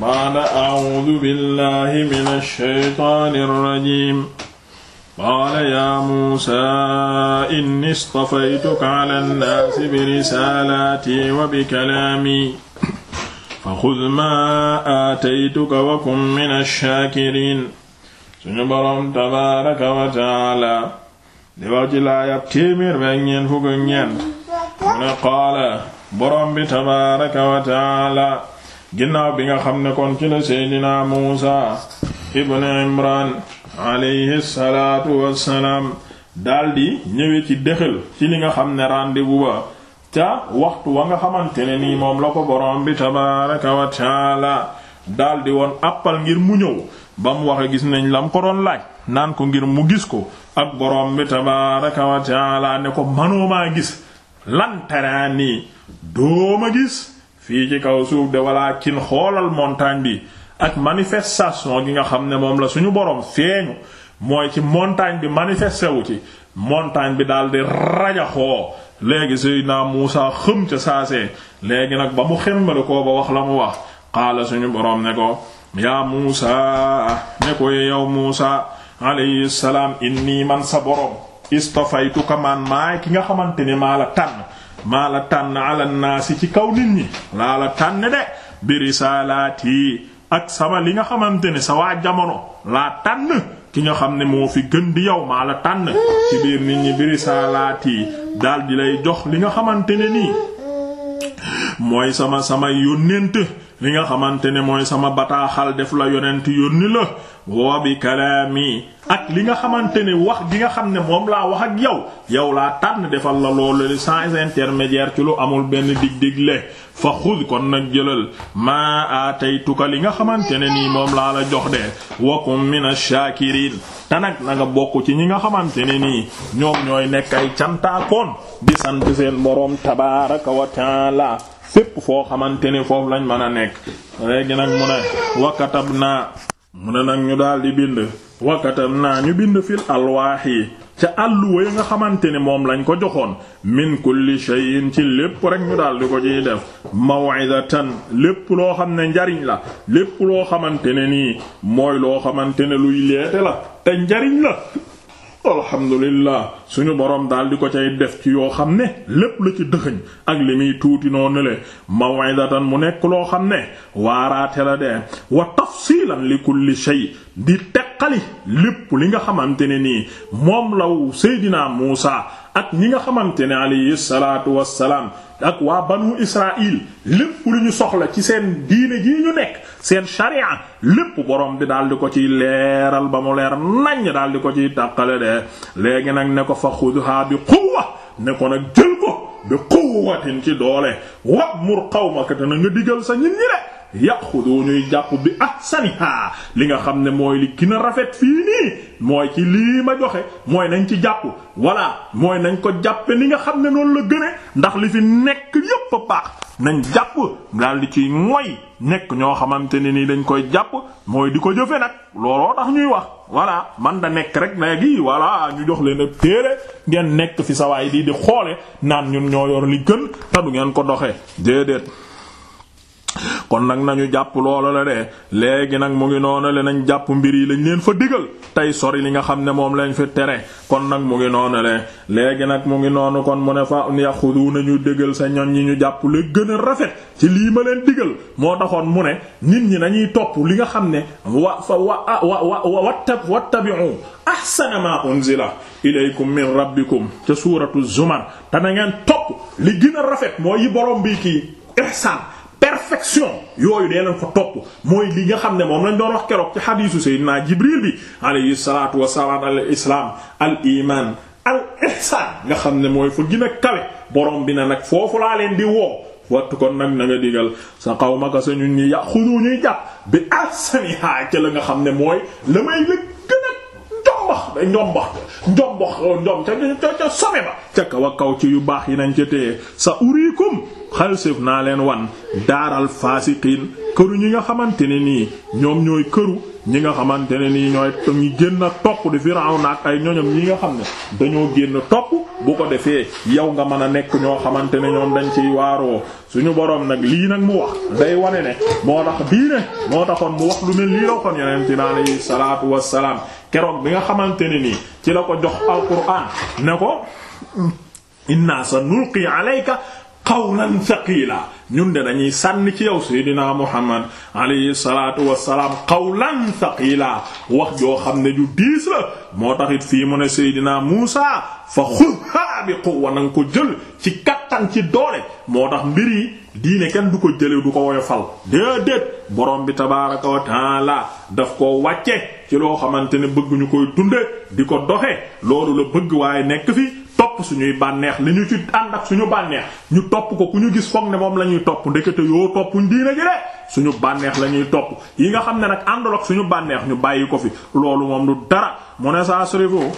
baada acuudu billahi min alshaytaan alrajim qaala yaa muusa inni istafaytuka cala annaasi birisaalaatii wa bikalaami faxud maa aataytuka wa kun min alshaakiriin suñu boroom tabaaraka wa tacaala di wax ci laayab téeméer bi ak ñeent fukk ak ñeent mu ne qaala boroom bi tabaaraka wa tacaala ginnaaw bi nga xam ne kon ci la seydina muusa ibn imran alayhi daldi ñëwee ci déxal ci li nga xam ne rendez-vous ba ca waxtu wa nga xamante ne nii moom la ko borom bi tabaaraka wa taala daldi woon àppal ngir mu ñëw ba mu wax a gis nañ lam ko doon laaj naan ko ngir mu gis ko ak borom bi tabaaraka wa taala ne ko manoomaa gis lantaraani dooma gis fii ci kaw suuf de walla kin xoolal montagne bi ak manifestation gi nga xam ne moom la suñu boroom feeñu mooy ci montagne bi manifesté wu ci montagne bi daal di rajaxoo léegi Seydina Muusa xëm ca saasee léegi nag ba mu xemmali koo ba wax la mu wax xaala suñu boroom ne ko yaa Muusa ne ko yow Muusa alayhi salaam inni man sa boroom istafaytuka man maay ki nga xamante ni maa la tànn maa la tànn ala naasi ci kaw nit ñi laa la tànn de bi risaalaati ak sama li nga xamante ni sa jamono laa tànn ki nga xam ne moo fi gën di yow maa la tànn ci biir nit ñi bi risaalaati daal di lay jox li nga xamante ne nii mooy sama sama yónnent li nga xamante ne mooy sama bataaxal def la yonent yónni la woo bi kalaami ak li nga xamante ne wax gi nga xam ne moom laa wax ak yow yow laa tànn defal la loolu li sans intermédiaire ci lu amul benn dig-digle fa xud kon nag jëlal maa ataytuka li nga xamante ne nii moom laa la jox de wakum mina shakirin te nag na nga bokk ci ñi nga xamante ne nii ñoom ñooy nekk ay cantaakoon di sant seen boroom tabaraka wa fépp foo xamante ni foofu lañ mën a nekk léegi nag mu ne wakatab naa mu ne nag ñu daal di bind wakatab naa ñu bind fil alwaax yi ca àll yi nga xamante ne moom lañ ko joxoon min kulli shay'in ci lépp rek ñu daal di ko ciy def maw'izatan lépp loo xam ne njariñ la lépp loo xamante ne nii mooy loo xamante ne luy leete la te njariñ la alhamdulillah suñu boroom daal di ko cay def ci yoo xam ne lépp la ci dëxëñ ak li muy tuuti noonu le maw'izatan mu nekk loo xam ne waaraate la de wa tafsilan li kulli shay di teqali lépp li nga xamante ne nii moom la law Seydina Muusa ak ñi nga xamante ne alayhi salaatu wassalaam ak waa banu Israël lépp lu ñu soxla ci seen diine jii ñu nekk seen sharia lépp borom bi daal di ko ciy leeral ba mu leer naññ daal di ko ciy tàqale de léegi nag ne ko fa xudha bi quwwa ne ko nag jël ko bi quwwatin ci doole wa mur qawmaka te na nga digal sa ñin ñi de yaxudu ñuy jàpp bi ahsaniha li nga xam ne mooy li gën rafet fii nii mooy ci lii ma joxe mooy nañ ci jàpp voilà mooy nañ ko jàppe ni nga xam ne noonu la gëne ndax li fi nekk yépp a baax nañ jàpp daal ci ciy moy nekk ñoo xamante ne ni dañ koy jàpp mooy di ko jëfe nag looloo tax ñuy wax voilà man da nekk rek léegi voilà ñu jox leen ak téere ngeen nekk fi sawaay di di xoole naan ñun ñoo yor li gën te du ngeen ko doxee déedéet kon nag nañu jàpp loolu la de léegi nag mu ngi noonu le nañ jàpp mbir yi lañ leen fa digal tey sori li nga xam ne moom lañ fi tere kon nag mu ngi noonu le léegi nag mu ngi noonu kon mu ne fa yaxudu nañu déggal sa ñoñ yi ñu jàpp le gën a rafet ci lii ma leen digal moo daxoon mu ne nit ñi nañuy topp li nga xam ne wa fa wa wa wa wattab wattabi'u ahsana ma unzila ilaykum min rabbikum ca suuratu zumar te na ngeen topp li gën a rafet mooy yi bi kii ihsan perfection yooyu dee nañ ko topp mooy li nga xam ne moom lañ doon wax keroog ci xadiisu Seydina Jibril bi alayhi salaatu wassalaam al islaam al iman al ihsaan nga xam ne mooy fa gën a kawe borom bi na nag foofu laa leen di woo wattu kon nag na nga digal sa xaw ma ko sa ñun ñi yàqu ñuy jàpp bi ahsaniha ca la nga xam ne mooy la may la gën a njombax njombax njombax njom ca ca ca sobe ba ca kaw a kaw ci yu baax yi nañ ca téye sa uriikum xalséef naa leen wan daaral faasiqiin këru ñi nga xamante ne nii ñoom ñooy këru ñi nga xamante ne nii ñooy ñu génn a topp di Firawna ak ay ñoñom ñi nga xam ne dañoo génn topp bu ko defee yow nga mën a nekk ñoo xamante ne ñoom dañ ciy waaroo suñu boroom nag lii nag mu wax day wane ne moo tax bii ne moo taxoon mu wax lu mel lii la waxoon yeneen ci alayhi salaatu wassalaam keroog bi nga xamante ne nii ci la ko jox alquraan ne ko inna sanulqi alayka qawlan thaqila ñun de dañuy sànni ci yow seydinaa muhammad alayhi salaatu wassalaam qawlan thaqila wax joo xam ne ju diis la moo taxit fii mu ne seydinaa muusa fa xudha bi quwwa na ko jël ci kattan ci doole moo tax mbir yi diine kenn du ko jële du ko woyofal déedéet borom bi tabaaraka wa taala daf ko wàcce ci loo xamante ne bëgguñu ñu koy dunde di ko doxe loolu la bëgg waaye nekk fi topp suñuy bànneex li ñu ci ànd ak suñu bànneex ñu topp ko ku ñu gis foog ne moom la ñuy topp ndekete yoo toppuñ diina ji suñu bànneex la ñuy topp yi nga xam ne nag àndul ak suñu bànneex ñu bàyyi ko fi loolu moom du dara mu ne saa soriwoo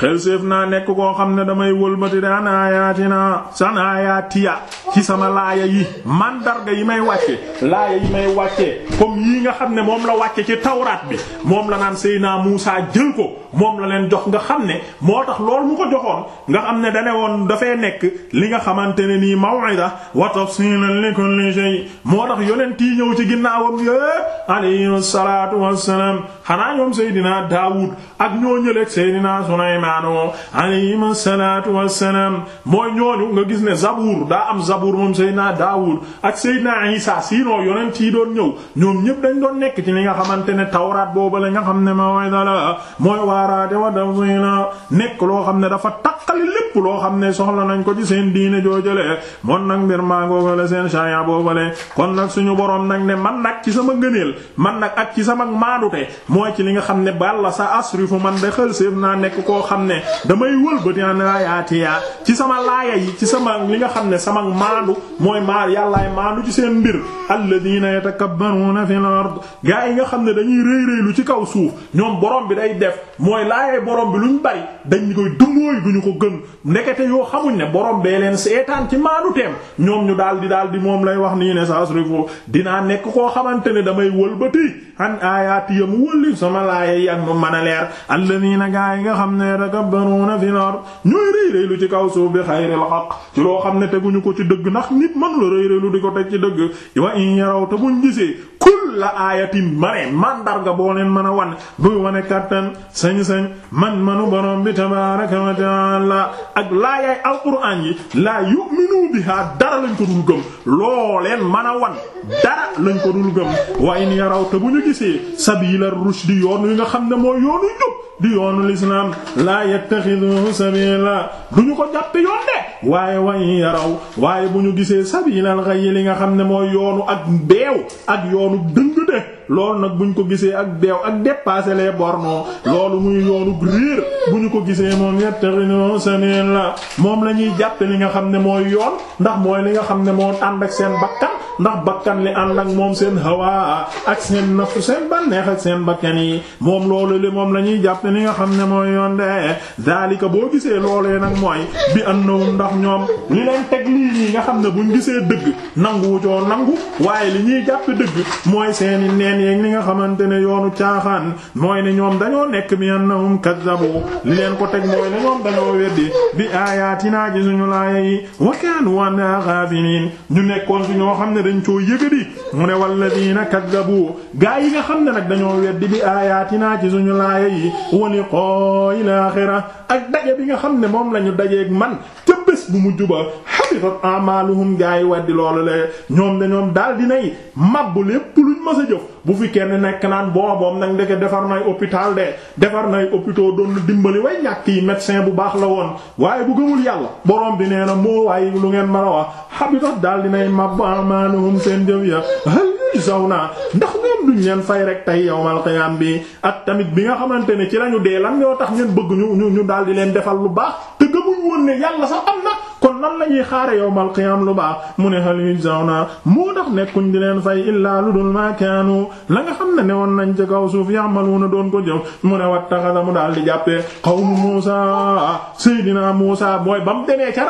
xel séef naa nekk koo xam ne damay wëlbati de anaayatina sanaayatiya ci sama laaya yi mandarga yi may wàcce laaya yi may wàcce comme yii nga xam ne moom la wàcce ci tawraat bi moom la naan Seyna Muusa jël ko moom la leen jox nga xam ne moo tax loolu mu ko joxoon nga xam ne dane woon dafay nekk li nga xamante ne nii maw'ida wa tafsilan li kulli shay moo tax yonent ñëw ci ginnaawam yé alayhi salaatu wassalaam xanaa ñoom Seydina Daawud anhu alayhim salaatu wassalaam mooy ñooñu nga gis ne zabuur daa am zabuur moom Seydina Daawud ak Seydina Isa sinon yonent yi doon ñëw ñoom ñëpp dañ doon nekk ci li nga xamante ne tawraat boobu la nga xam ne mawida la mooy waaraate wa dawsina nekk loo xam ne dafa takkali lépp xam ne soxla nañ ko ci seen diine joojale moon nag mbir maa suñu boroom nag ne man nag ci sama ngëneel man nag ak ci sama maadute mooy ci li nga xam ne balla sa asrifu man de xël séef naa nekk koo xam xam ne damay wëlbati an laayaati yaa ci sama laaya yi ci sama li nga xam ne sama maandu mooy maar yàllaay maandu ci seen mbir alladina yatakabbaruna fil ard gaa yi nga xam ne dañuy rëy rëylu ci kaw suuf ñoom borom bi day def mooy laayay borom bi luñ bari dañ koy dumóoy duñu ko gëm ndekete yoo xamuñ ne borom bee leen seetaan ci maandu teem ñoom ñu daal di daal di moom lay wax nii ne sasrifo dinaa nekk koo xamante ne damay wëlbati an aayaati yam wólli sama laaya yi ak nu mën a leer alladina gaa yi nga xam ne yatakabbaruuna fil ard ñooy rëy rëy lu ci kaw suuf bi xayril xaq ci loo xam ne teguñu ko ci dëgg ndax nit man rëy rëy di ko teg ci dëgg wa in yaraw te buñ gisee kul la aayatin ma ne mandarga boo leen mën a wan buy wane kattan sañ-sañ man manu borom bi tabaraka wa taala ak laayaay alquran yi laa yu'minu biha dara lañ ko dul gëm loo leen mën a wan dara lañ ko dul gëm wa in yaraw te bu ñu gisee sabila rushdi yoon wi nga xam ne mooy yoonu njub di yoonu lislaam laa yattaxiduhu sabila du ñu ko jàppe yoon de waaye wa in yaraw waaye bu ñu gisee sabilal yi li nga xam ne mooy yoonu ak beew ak yoonu dëng de loolu nag bu ñu ko gisee ak beew ak dépasser les bornes loolu muy yoonu réer bu ñu ko gisee moom yattaxiduhu sabila moom la ñuy jàppe li nga xam ne mooy yoon ndax mooy li nga xam ne moo ànd ak ndax bakkan li ànd ak moom seen hawa ak seen nafsu seen banneex ak seen bakkan yi moom loolu li moom la ñuy jàpp li nga xam ne mooy yoon de daalika boo gisee loolee nag mooy bi annahum ndax ñoom li leen teg lii nii nga xam ne buñ gisee dëgg nangu joo nangu waaye li ñuy jàpp dëgg mooy seeni neen yeeg li nga xamante ne yoonu caaxaan mooy ne ñoom dañoo nekk bi annahum kazzabu li leen ko teg mooy ne ñoom dañoo weddi bi aayaatinaa ji suñu laaya yi dañ coo yëgadi mu ne walladina kaddabu gaa yi nga xam ne nag dañoo weddi bi aayaatinaa ci suñu laaya yi wa liqaa'il aaxira ak daje bi nga xam ne moom lañu dajeek man bés bu mujj ba habitat amaluhum gaa yi weddi loolu la ñoom de ñoom daal dinay màbb lépp luñ mës a jëf bu fi kenn nekk naan booboom nag ndeke defar nay hôpital de defar nay hôpitaux doon dimbali way ñàkk yi médecin bu baax la woon waaye bu gëmul yàlla borom bi nee na moo waaye lu ngeen mën a wax habitat daal dinay màbb amaluhum seen jëf ya saw naa ndax ñoom duñ leen fay rek tey yawmal qiyaam bi at tamit bi nga xamante ne ci lañu dee lan ñoo tax ñun bëgg daal di leen defal lu baax xamul ne yàlla sax am na kon nan lañuy xaare yawmal qiyaam lu baax mu ne hal yujzawna moo tax nekkuñ di leen fay illaa lu dul ma kaanu la nga xam ne newoon nañ ca kaw suuf ya'maluna doon ko jëf mu ne wattaxada mu daal di jàppee qawmu Muusaa Seydina Muusaa mooy ba mu demee ca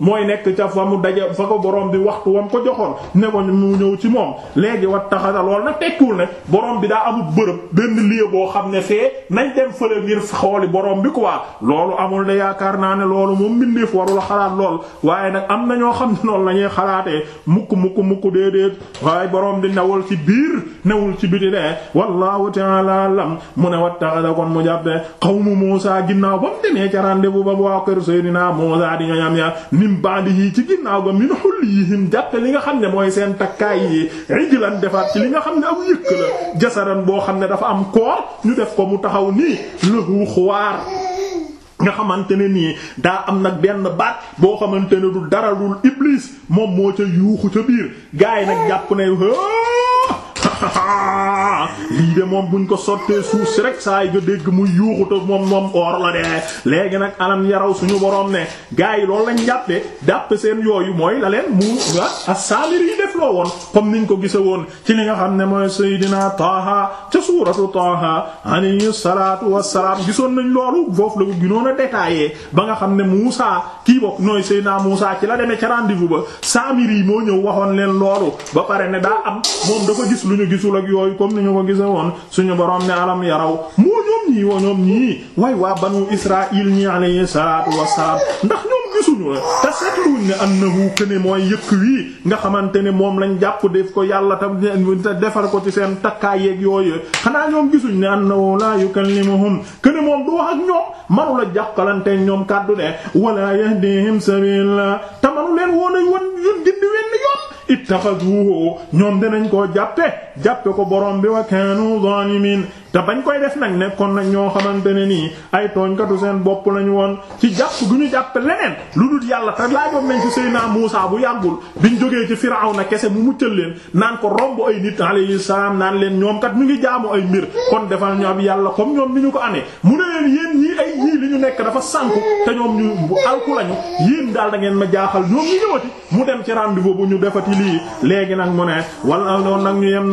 mooy nekk ca fa mu daje fa ko borom bi waxtu wam ko joxoon ne ko mu ñëw ci moom léegi wattaxada lool nag tekkiwul ne borom bi daa amul bërëb benn lieu boo xam ne fee nañ dem fële ngir xooli borom bi quoi loolu amul ne yaakaar naa ne loolu moom mbindeef warul xalaat xalaat lool waaye nag am na ñoo xam ne loolu la ñuy xalaatee mukk mukk mukk déedéet waaye borom di newul ci biir newul ci biti dee wallahu ta'ala lam mu ne wattaxada kon mu jàppe xawmu Muusa ginnaaw ba mu demee ca rendez-vous ba waa kër Seydina Muusa di ñoñam ya nim bandi yi ci ginnaaw ga min hullihim jàppe li nga xam ne mooy seen takkaay yii ijlan defaat ci li nga xam ne aw yëkk la jasaran boo xam ne dafa am koor ñu def ko mu taxaw nii lahu nga xamante ne nii daa am nag benn baat boo xamante ne du dara dul iblis moom moo ca yuuxu ca biir gars yi nag jàpp ne ah, ah lii de moom buñ ko sottee suuf si rek saa yi nga dégg muy yuuxuta moom moom or la de léegi nag alam yaraw suñu borom ne gars yi lañ jàppee jàpp seen yooyu mooy la leen mu as-Saamiri def loo woon comme niñ ko gise woon ci li nga xam ne mooy Seydina Taaha ca suuratu Taaha alayhi salaatu wassalaam gisoon nañ loolu foofu la ko ginoon a détaillé ba nga xam ne Muusaa kii bokk nooy Seydina Muusaa ci la demee ca rendez-vous ba Saamiri yi moo ñëw waxoon leen loolu ba pare ne daa am ñu ko gise suñu borom ne alam yaraw moo ñoom ñii wa waa banu israil ñi alayhi salaatu wassalaam ndax ñoom gisuñu la te seetluñ ne annahu këne mooy yëkk wii nga xamante ne moom lañ jàpp def ko yàlla tam defar ko ci seen takkaay yeeg yooyu xanaa ñoom gisuñ ne annahu la yukallimuhum këne moom du wax ak ñoom manu la jàkkalanteeg ñoom kàddu de wala yahdihim sabila te manu leen woon ay won ittaxaduhu ñoom dinañ koo jàppe jàppe ko borom bi wa kaanu zalimin te bañ koy def nag nekkoon nag ñoo xamante ne nii ay tooñkatu seen bopp lañu woon ci jàpp gu ñu jàpp leneen lu dul yàlla te laajoon nañ ci Seydina Muusaa bu yàggul biñ jógee ci na kese mu muccal leen naan ko romb ay nit alayhi salaam naan leen ñoom kat ñu ngi jaamu ay mbir kon defal ñu ab yàlla comme ñoom ni ñu ko amee mu ne leen yéen ñii ay ñii li ñu nekk dafa sànku te ñoom ñu alku lañu yéen daal da ngeen ma jaaxal ñoom ñu ñëwati mu dem ci rendez-vous ñu defati lii léegi nag nag ñu yem